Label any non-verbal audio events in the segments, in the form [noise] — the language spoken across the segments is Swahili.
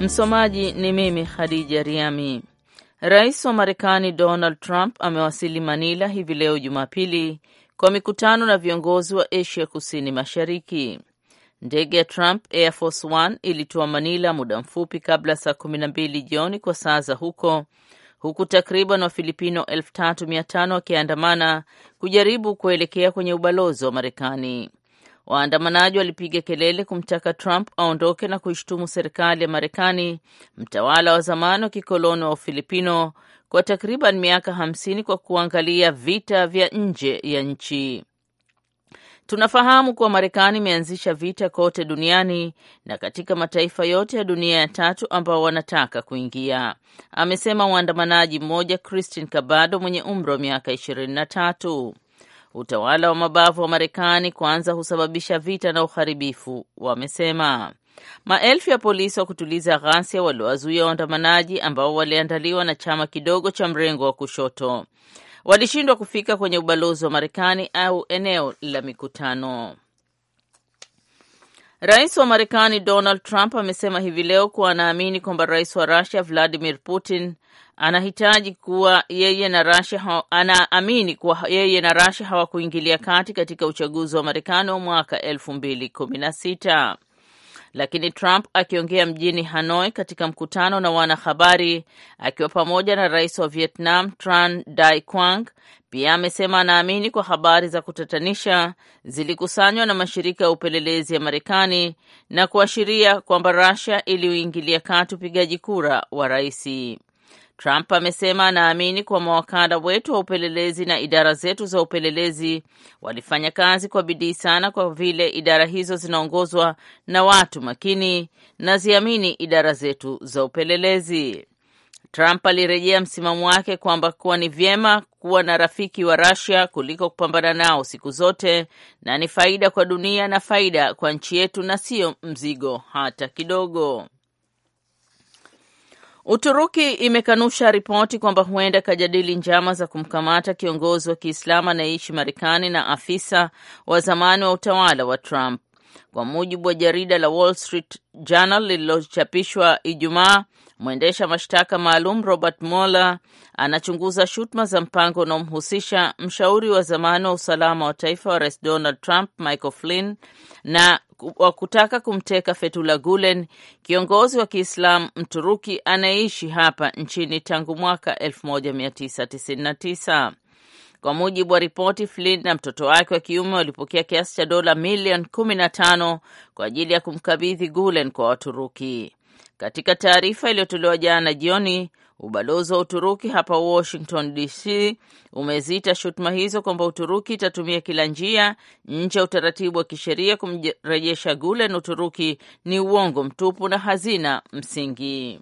Msomaji ni mimi Khadija Riami. Rais wa Marekani Donald Trump amewasili Manila hivi leo Jumapili kwa mikutano na viongozi wa Asia Kusini Mashariki. Ndege ya Trump Air Force One Manila muda mfupi kabla saa kumi na mbili jioni kwa saa za huko, huku takriban Wafilipino elfu tatu mia tano wakiandamana kujaribu kuelekea kwenye ubalozi wa Marekani. Waandamanaji walipiga kelele kumtaka Trump aondoke na kuishtumu serikali ya Marekani, mtawala wa zamani wa kikoloni wa Ufilipino, kwa takriban miaka hamsini kwa kuangalia vita vya nje ya nchi. Tunafahamu kuwa Marekani imeanzisha vita kote duniani na katika mataifa yote ya dunia ya tatu ambao wanataka kuingia, amesema mwandamanaji mmoja Christine Kabado mwenye umri wa miaka ishirini na tatu utawala wa mabavu wa Marekani kwanza husababisha vita na uharibifu, wamesema. Maelfu ya polisi wa kutuliza ghasia waliwazuia waandamanaji ambao waliandaliwa na chama kidogo cha mrengo wa kushoto walishindwa kufika kwenye ubalozi wa Marekani au eneo la mikutano. Rais wa Marekani Donald Trump amesema hivi leo kuwa anaamini kwamba rais wa Rusia Vladimir Putin anahitaji kuwa yeye na Russia anaamini kuwa yeye na Russia hawakuingilia kati katika uchaguzi wa Marekani wa mwaka elfu mbili kumi na sita. Lakini Trump akiongea mjini Hanoi katika mkutano na wanahabari akiwa pamoja na rais wa Vietnam Tran Dai Quang, pia amesema anaamini kwa habari za kutatanisha zilikusanywa na mashirika ya upelelezi ya Marekani na kuashiria kwamba Russia iliuingilia kati upigaji kura wa raisi. Trump amesema anaamini kuwa mawakala wetu wa upelelezi na idara zetu za upelelezi walifanya kazi kwa bidii sana, kwa vile idara hizo zinaongozwa na watu makini. Naziamini idara zetu za upelelezi. Trump alirejea msimamo wake kwamba kuwa ni vyema kuwa na rafiki wa Russia kuliko kupambana nao siku zote, na ni faida kwa dunia na faida kwa nchi yetu, na sio mzigo hata kidogo. Uturuki imekanusha ripoti kwamba huenda ikajadili njama za kumkamata kiongozi wa Kiislamu anayeishi Marekani na afisa wa zamani wa utawala wa Trump. Kwa mujibu wa jarida la Wall Street Journal lililochapishwa Ijumaa, Mwendesha mashtaka maalum Robert Mueller anachunguza shutuma za mpango unaomhusisha mshauri wa zamani wa usalama wa taifa wa rais Donald Trump Michael Flynn na wa kutaka kumteka Fethullah Gulen, kiongozi wa Kiislamu Mturuki anayeishi hapa nchini tangu mwaka 1999. Kwa mujibu wa ripoti, Flynn na mtoto wake wa kiume walipokea kiasi cha dola milioni 15 kwa ajili ya kumkabidhi Gulen kwa Waturuki. Katika taarifa iliyotolewa jana jioni, ubalozi wa Uturuki hapa Washington DC umeziita shutuma hizo kwamba Uturuki itatumia kila njia nje ya utaratibu wa kisheria kumrejesha Gulen Uturuki ni uongo mtupu na hazina msingi.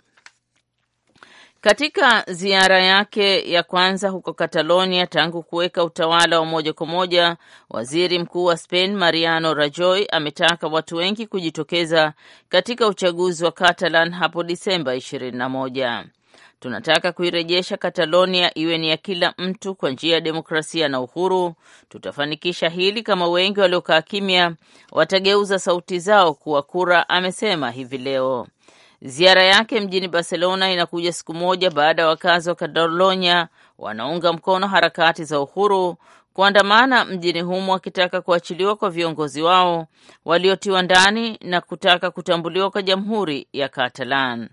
Katika ziara yake ya kwanza huko Catalonia tangu kuweka utawala wa moja kwa moja, waziri mkuu wa Spain Mariano Rajoy ametaka watu wengi kujitokeza katika uchaguzi wa Catalan hapo Disemba 21. Tunataka kuirejesha Catalonia iwe ni ya kila mtu kwa njia ya demokrasia na uhuru. Tutafanikisha hili kama wengi waliokaa kimya watageuza sauti zao kuwa kura, amesema hivi leo. Ziara yake mjini Barcelona inakuja siku moja baada ya wakazi wa Catalonia wanaunga mkono harakati za uhuru kuandamana mjini humo wakitaka kuachiliwa kwa viongozi wao waliotiwa ndani na kutaka kutambuliwa kwa jamhuri ya Catalan.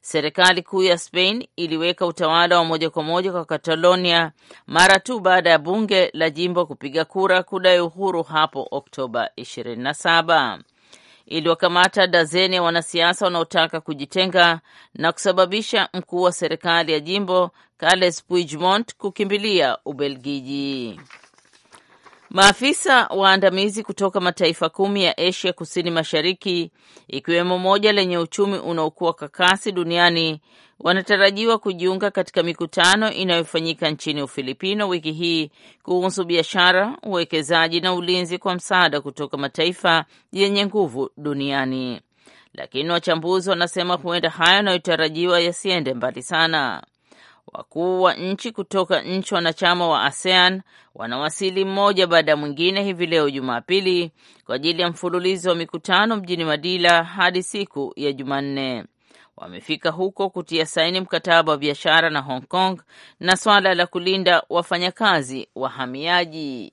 Serikali kuu ya Spain iliweka utawala wa moja kwa moja kwa Catalonia mara tu baada ya bunge la jimbo kupiga kura kudai uhuru hapo Oktoba 27 iliwakamata dazeni ya wanasiasa wanaotaka kujitenga na kusababisha mkuu wa serikali ya jimbo Carles Puigdemont kukimbilia Ubelgiji. Maafisa waandamizi kutoka mataifa kumi ya Asia Kusini Mashariki, ikiwemo moja lenye uchumi unaokuwa kwa kasi duniani, wanatarajiwa kujiunga katika mikutano inayofanyika nchini Ufilipino wiki hii kuhusu biashara, uwekezaji na ulinzi kwa msaada kutoka mataifa yenye nguvu duniani. Lakini wachambuzi wanasema huenda hayo yanayotarajiwa yasiende mbali sana. Wakuu wa nchi kutoka nchi wanachama wa ASEAN wanawasili mmoja baada ya mwingine hivi leo Jumapili kwa ajili ya mfululizo wa mikutano mjini madila hadi siku ya Jumanne. Wamefika huko kutia saini mkataba wa biashara na Hong Kong na swala la kulinda wafanyakazi wahamiaji.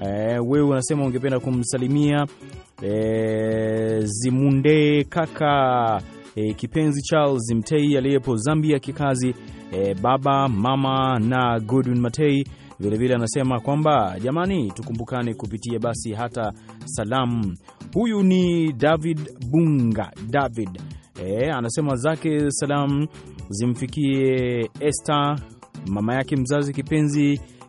eh, wewe unasema ungependa kumsalimia eh, Zimunde kaka eh, kipenzi Charles Mtei aliyepo Zambia kikazi eh, baba mama na Godwin Matei vilevile anasema kwamba jamani, tukumbukane kupitia basi hata salamu. Huyu ni David Bunga David e, anasema zake salamu zimfikie Esther mama yake mzazi kipenzi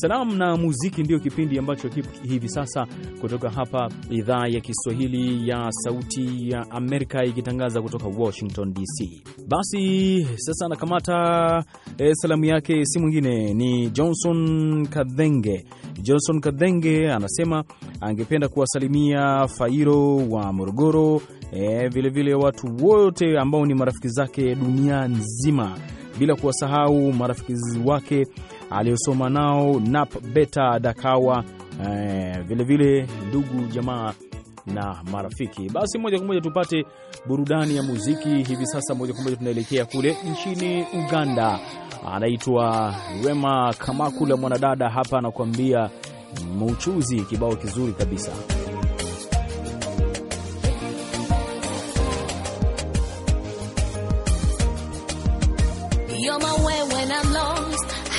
Salamu na muziki ndiyo kipindi ambacho hivi sasa kutoka hapa idhaa ya Kiswahili ya Sauti ya Amerika ikitangaza kutoka Washington DC. Basi sasa anakamata e, eh, salamu yake si mwingine ni Johnson Kadhenge. Johnson Kadhenge anasema angependa kuwasalimia Fairo wa Morogoro, vilevile eh, vile watu wote ambao ni marafiki zake dunia nzima bila kuwasahau marafiki wake aliyosoma nao Nap Beta Dakawa, vilevile eh, ndugu jamaa na marafiki. Basi moja kwa moja tupate burudani ya muziki hivi sasa. Moja kwa moja tunaelekea kule nchini Uganda, anaitwa Wema Kamakula, mwanadada hapa anakuambia mchuzi, kibao kizuri kabisa.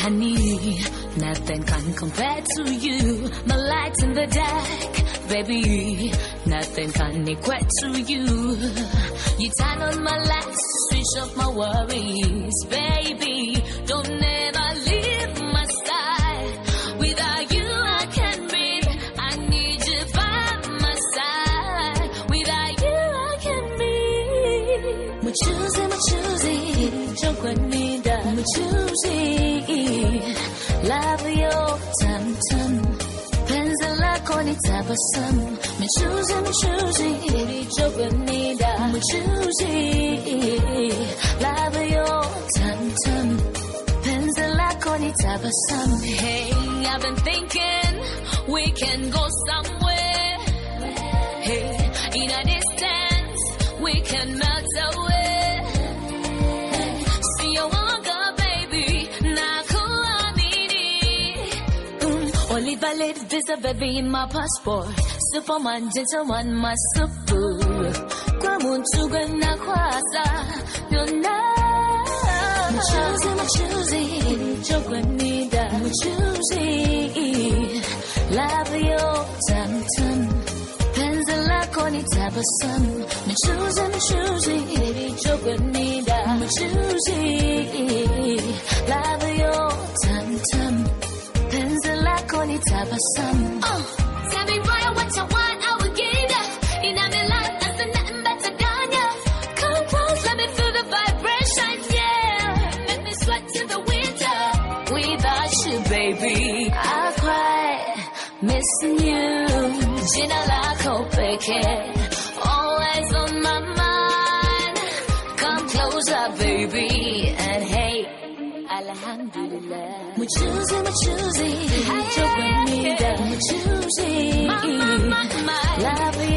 need Nothing can compare to you. My lights in the dark, baby. Nothing can equate to you. You turn on my lights, switch off my worries, baby. Don't ever leave my side. Without you, I can't breathe. I need you by my side. Without you, I can't breathe. My choosing, my choosing, chocolate me My choosing. sun. Мы choosing, мы choosing, 우리 좁은이다. Мы choosing, love your tantum. 펜슬라콘이 some. Hey, I've been thinking we can go somewhere. Hey, in a distance we can melt away. valid visa, baby, in my passport. Superman, gentleman, my super. Kwa muntuga na kwasa, Joke Mchuzi, mchuzi, mchogwa nida. choosing. love yo, tamtam. Penzi lako ni tabasamu. Mchuzi, mchuzi, baby, chogwa nida. choosing. love tam tam oh. Tell me right what you want, I will give you 이 남의 life, nothing, nothing but a gun, Come close, let me feel the vibration, yeah Make me sweat to the winter Without you, baby I cry, missing you 지나라 고백해 we choosy, 무 choosy. 조금이다, 무 choosy. Lovely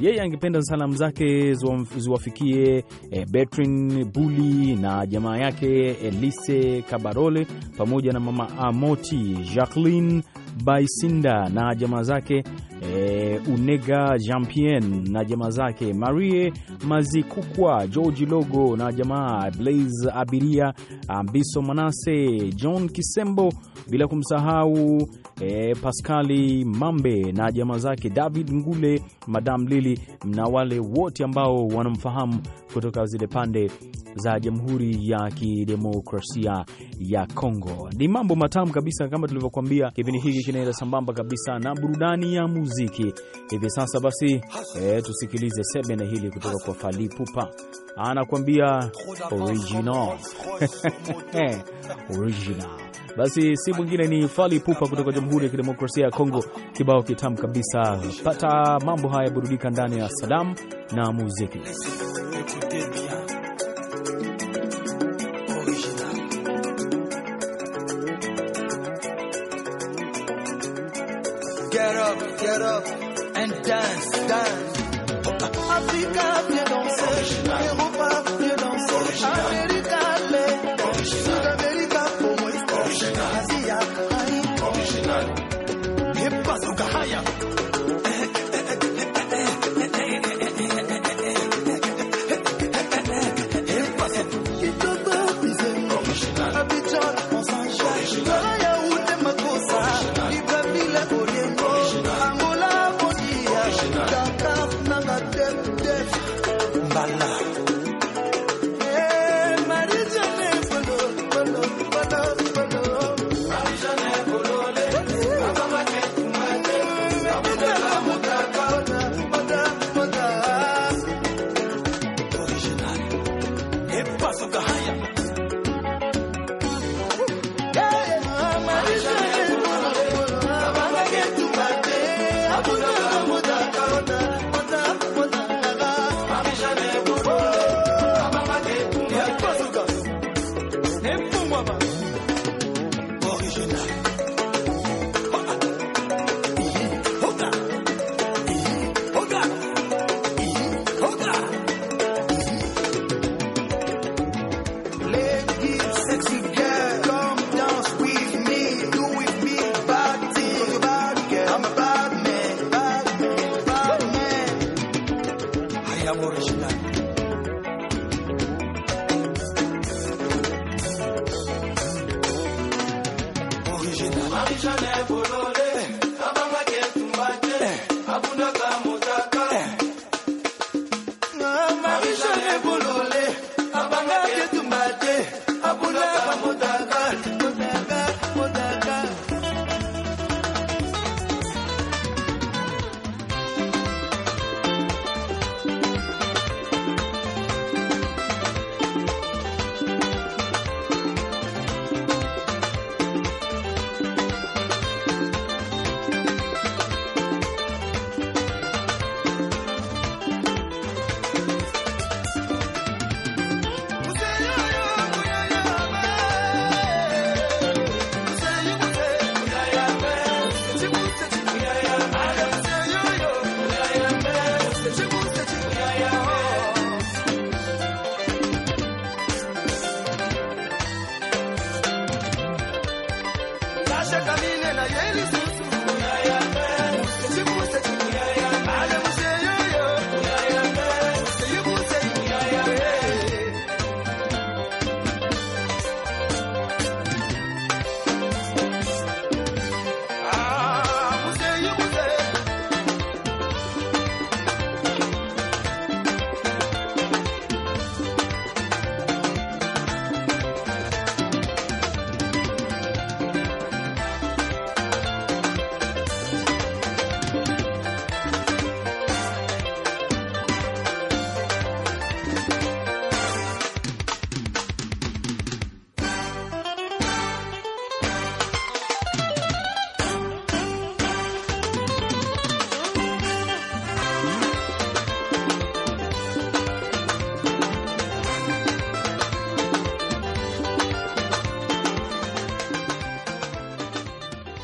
yeye angependa salamu zake ziwafikie e, eh, Betrin Buli na jamaa yake Elise Kabarole pamoja na mama Amoti Jacqueline Baisinda na jamaa zake e, Unega Jampien na jamaa zake, Marie Mazikukwa, George Logo na jamaa, Blaze Abiria, Ambiso Manase, John Kisembo, bila kumsahau e, eh, Paskali Mambe na jamaa zake, David Ngule, Madam Lili na wale wote ambao wanamfahamu kutoka zile pande za Jamhuri ya Kidemokrasia ya Kongo. Ni mambo matamu kabisa, kama tulivyokuambia, kipindi hiki kinaenda sambamba kabisa na burudani ya muziki hivi sasa. Basi eh, tusikilize sebene hili kutoka kwa Fally anakuambia original [laughs] original. Basi si mwingine ni Fali Pupa kutoka Jamhuri ya Kidemokrasia ya Kongo, kibao kitamu kabisa. Pata mambo haya, burudika ndani ya salamu na muziki. Get up, get up and dance, dance. Africa, viens danser. Europa, viens danser. Amérique.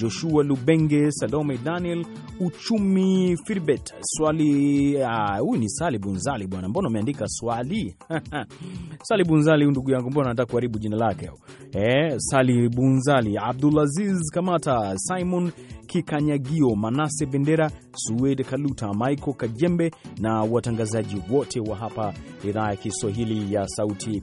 Joshua Lubenge, Salome Daniel Uchumi Firbet swali. Ah, huyu uh, ni Sali Bunzali bwana, mbona umeandika swali? [laughs] Sali Bunzali ndugu yangu, mbona anataka kuharibu jina lake eh? Sali Bunzali, Abdulaziz Kamata, Simon Kikanyagio, Manase Bendera, Suede Kaluta, Michael Kajembe na watangazaji wote wa hapa idhaa ya Kiswahili ya Sauti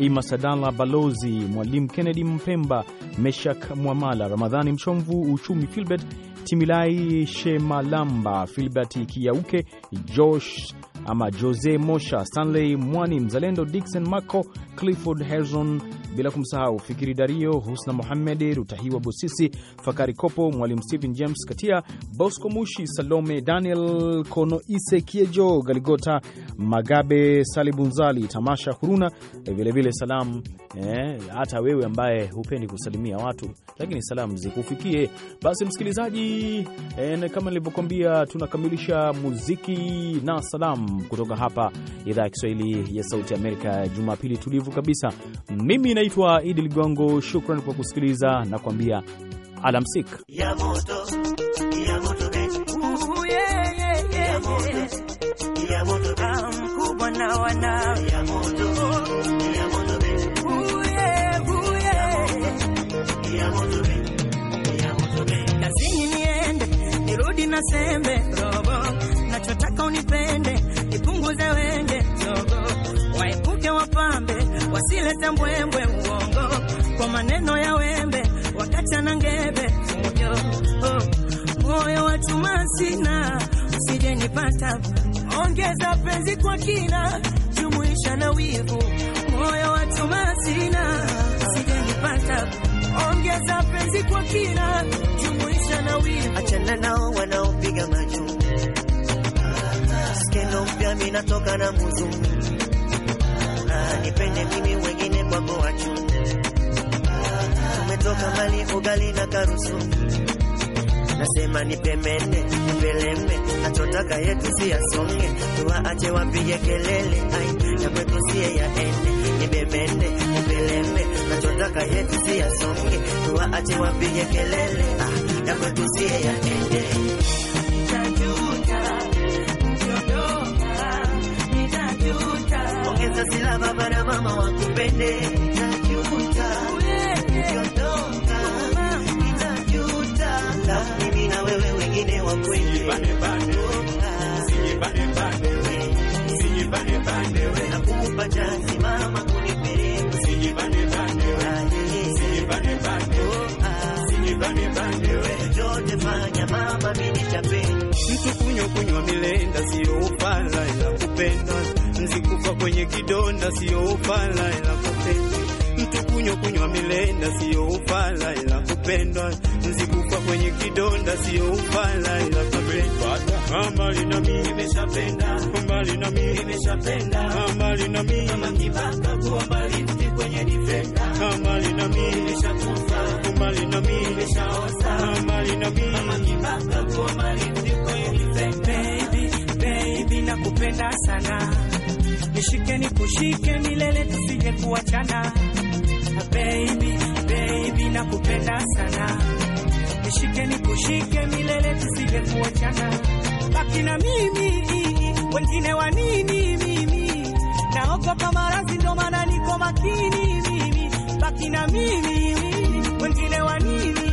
Imasadala Balozi, Mwalimu Kennedy Mpemba, Meshak Mwamala, Ramadhani Mchomvu, Uchumi Filbert Timilai Shemalamba, Filbert Kiauke, Josh ama Jose Mosha, Stanley Mwani, Mzalendo Dixon maco Clifford Herzon, bila kumsahau Fikiri Dario, Husna Mohamedi, Rutahiwa Bosisi, Fakari Kopo, Mwalimu Stephen James Katia, Bosco Mushi, Salome Daniel Konoise, Kiejo Galigota Magabe, Salibunzali, Tamasha Huruna, vilevile salamu eh, hata wewe ambaye hupendi kusalimia watu, lakini salamu zikufikie. Basi msikilizaji, eh, kama nilivyokuambia, tunakamilisha muziki na salamu kutoka hapa idhaa ya Kiswahili ya Sauti Amerika, Jumapili tulivu kabisa. Mimi naitwa Idi Ligongo, shukran kwa kusikiliza na kuambia alamsik ya moto, na robo, nachotaka unipende, nipunguze wenge robo, waepuke wapambe, wasilete mbwembwe uongo, kwa maneno ya wembe wakati anangebe moyo oh, moyo wa chuma sina, usije nipata, ongeza penzi kwa kina, jumuisha na wivu, moyo wa chuma sina, usije nipata ongeza penzi kwa kina, jumuisha na wivu, achana nao wanaopiga majungu, skendo mpya natoka na muzungu, nipende mimi wengine kwako wachungu, umetoka mali ugali na karusu Nasema nipemene nipeleme, atotaka yetu si asonge, tuwaache wapige kelele, ai ya kwetu siye yaende, nibebene tunataka yetu si yasonge, tuwaache wapige kelele, ah, ya kwetu siye yaende ongeza sila baba na mama wakupende mimi na wewe wengine wakwende kidonda sio ufala ila kupendwa. Mtu kunywa kunywa milenda sio ufala ila kupendwa. Mzikufa kwenye kidonda sio ufala ila kupendwa. Mbali na mimi nimeshapenda, mbali na mimi nimeshapenda, mbali na mimi kama kibaka kuwa mbali kwenye defender, mbali na mimi nimeshakufa, mbali na mimi nimeshaosa, mbali na mimi kama kibaka kuwa mbali kwenye defender. Baby, baby nakupenda sana nishike nikushike milele tusije kuachana. Baby, baby nakupenda sana, nishike nikushike milele tusije kuachana. Baki na mimi, wengine wa nini? Mimi naogopa maradhi, ndo maana niko makini mimi. Baki na mimi, wengine wa nini?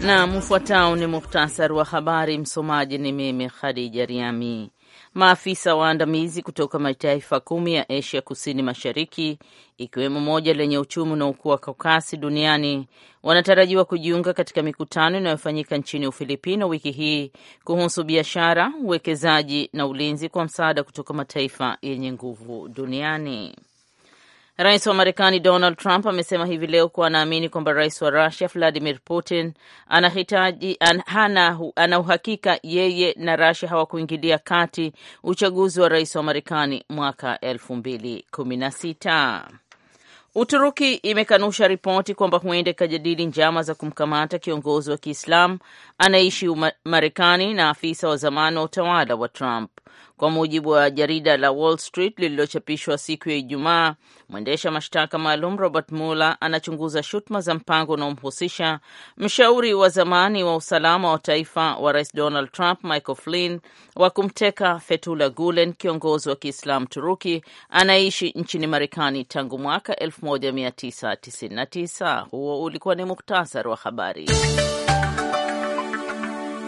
na mfuatao ni muhtasari wa habari. Msomaji ni mimi Khadija Riami. Maafisa waandamizi kutoka mataifa kumi ya Asia kusini mashariki, ikiwemo moja lenye uchumi unaokuwa kwa kasi duniani, wanatarajiwa kujiunga katika mikutano inayofanyika nchini Ufilipino wiki hii kuhusu biashara, uwekezaji na ulinzi kwa msaada kutoka mataifa yenye nguvu duniani. Rais wa Marekani Donald Trump amesema hivi leo kuwa anaamini kwamba rais wa Rusia Vladimir Putin anahitaji an, ana uhakika yeye na Rusia hawakuingilia kati uchaguzi wa rais wa Marekani mwaka elfu mbili kumi na sita. Uturuki imekanusha ripoti kwamba huenda ikajadili njama za kumkamata kiongozi wa Kiislamu anaishi Marekani na afisa wa zamani wa utawala wa Trump. Kwa mujibu wa jarida la Wall Street lililochapishwa siku ya Ijumaa, mwendesha mashtaka maalum Robert Mueller anachunguza shutuma za mpango unaomhusisha mshauri wa zamani wa usalama wa taifa wa rais Donald Trump, Michael Flynn, wa kumteka Fethullah Gulen, kiongozi wa Kiislamu Turuki anayeishi nchini Marekani tangu mwaka 1999. Huo ulikuwa ni muktasari wa habari.